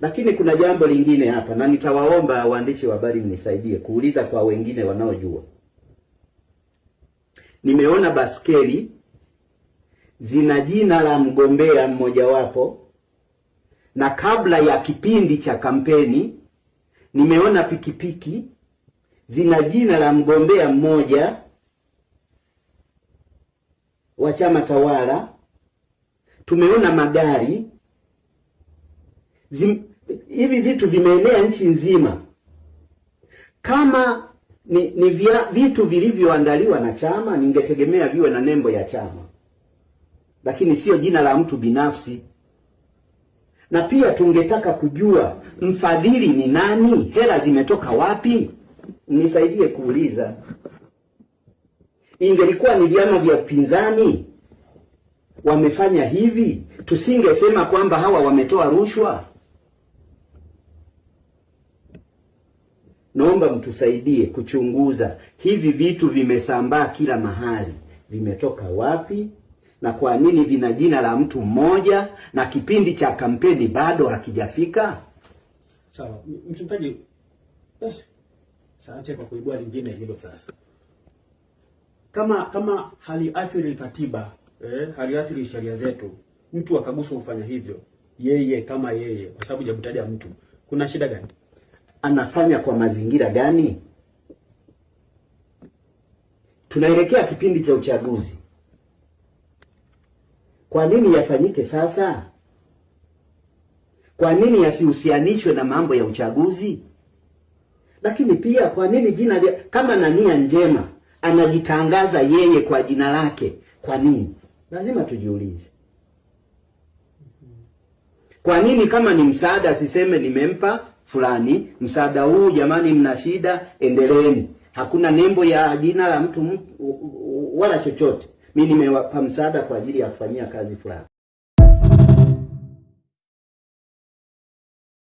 Lakini kuna jambo lingine hapa, na nitawaomba waandishi wa habari mnisaidie kuuliza kwa wengine wanaojua. Nimeona baskeli zina jina la mgombea mmojawapo, na kabla ya kipindi cha kampeni nimeona pikipiki zina jina la mgombea mmoja wa chama tawala. Tumeona magari Zim, hivi vitu vimeenea nchi nzima kama ni, ni vya, vitu vilivyoandaliwa na chama, ningetegemea viwe na nembo ya chama, lakini sio jina la mtu binafsi. Na pia tungetaka kujua mfadhili ni nani, hela zimetoka wapi? Nisaidie kuuliza. Ingelikuwa ni vyama vya upinzani wamefanya hivi, tusingesema kwamba hawa wametoa rushwa. naomba mtusaidie kuchunguza hivi vitu vimesambaa kila mahali, vimetoka wapi na kwa nini vina jina la mtu mmoja na kipindi cha kampeni bado hakijafika. Sawa mchungaji, eh, kwa kuibua lingine hilo. Sasa kama kama haliathiri katiba eh, haliathiri sheria zetu, mtu akaguswa kufanya hivyo, yeye kama yeye, kwa sababu hajamtaja mtu, kuna shida gani? anafanya kwa mazingira gani? Tunaelekea kipindi cha uchaguzi. Kwa nini yafanyike sasa? Kwa nini yasihusianishwe na mambo ya uchaguzi? Lakini pia kwa nini jina kama na nia njema anajitangaza yeye kwa jina lake? Kwa nini? Lazima tujiulize. Kwa nini kama ni msaada asiseme nimempa fulani, msaada huu jamani, mna shida, endeleeni. Hakuna nembo ya jina la mtu wala chochote. Mimi nimewapa msaada kwa ajili ya kufanyia kazi fulani.